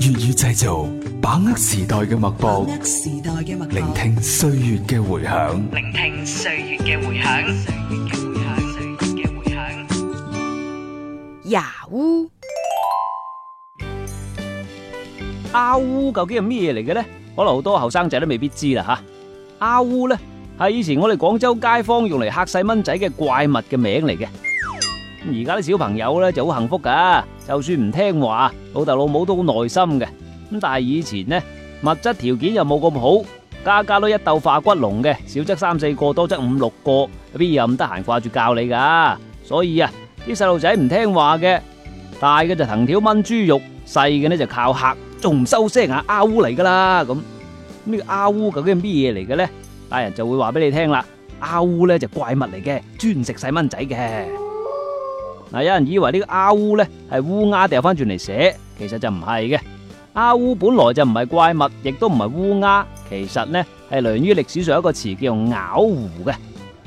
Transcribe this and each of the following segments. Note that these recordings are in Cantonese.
粵語製造，把握時代嘅脈搏，脈搏，聆聽歲月嘅回響。聆聽歲月嘅回響，歲月嘅回響，歲月嘅回響。坳胡，坳胡，究竟係咩嘢嚟嘅咧？可能好多後生仔都未必知啦吓。坳胡咧，係以前我哋廣州街坊用嚟嚇細蚊仔嘅怪物嘅名嚟嘅。而家啲小朋友咧就好幸福噶，就算唔聽話，老豆老母都好耐心嘅。咁但係以前呢，物質條件又冇咁好，家家都一斗化骨龍嘅，少則三四個多則五六個，邊有咁得閒掛住教你噶？所以啊，啲細路仔唔聽話嘅，大嘅就藤條炆豬肉，細嘅呢就靠吓，仲唔收聲啊？坳胡嚟噶啦咁，呢個坳胡究竟係咩嘢嚟嘅咧？大人就會話俾你聽啦，坳胡咧就是、怪物嚟嘅，專食細蚊仔嘅。嗱，有人以為呢個阿烏呢係烏鴉掉翻轉嚟寫，其實就唔係嘅。阿烏本來就唔係怪物，亦都唔係烏鴉，其實呢係來源於歷史上一個詞叫做坳胡嘅，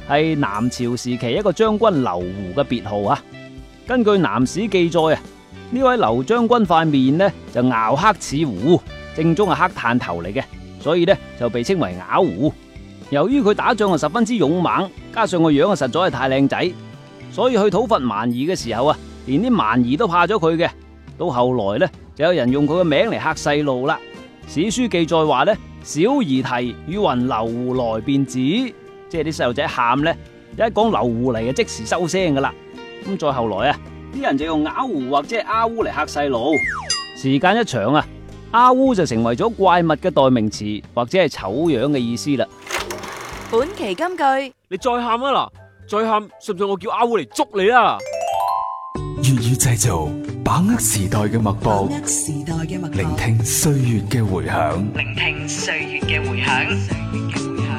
係南朝時期一個將軍劉胡嘅別號啊。根據南史記載啊，呢位劉將軍塊面呢就坳黑似胡，正宗係黑炭頭嚟嘅，所以呢就被稱為坳胡。由於佢打仗啊十分之勇猛，加上個樣啊實在係太靚仔，所以去討伐蠻夷嘅時候啊，連啲蠻夷都怕咗佢嘅。到後來咧，就有人用佢嘅名嚟嚇細路啦。史書記載話咧，小兒啼與雲流湖來便止，即係啲細路仔喊咧，一講流湖嚟就即時收聲噶啦。咁再後來啊，啲人就用啞湖或者係阿烏嚟嚇細路。時間一長啊，阿烏就成為咗怪物嘅代名詞，或者係醜樣嘅意思啦。本期金句，你再喊啊嗱！再喊，信唔信我叫坳胡嚟捉你啊？粵語製造，把握時代嘅脈搏，聆聽歲月嘅回響。聆聽歲月嘅回響。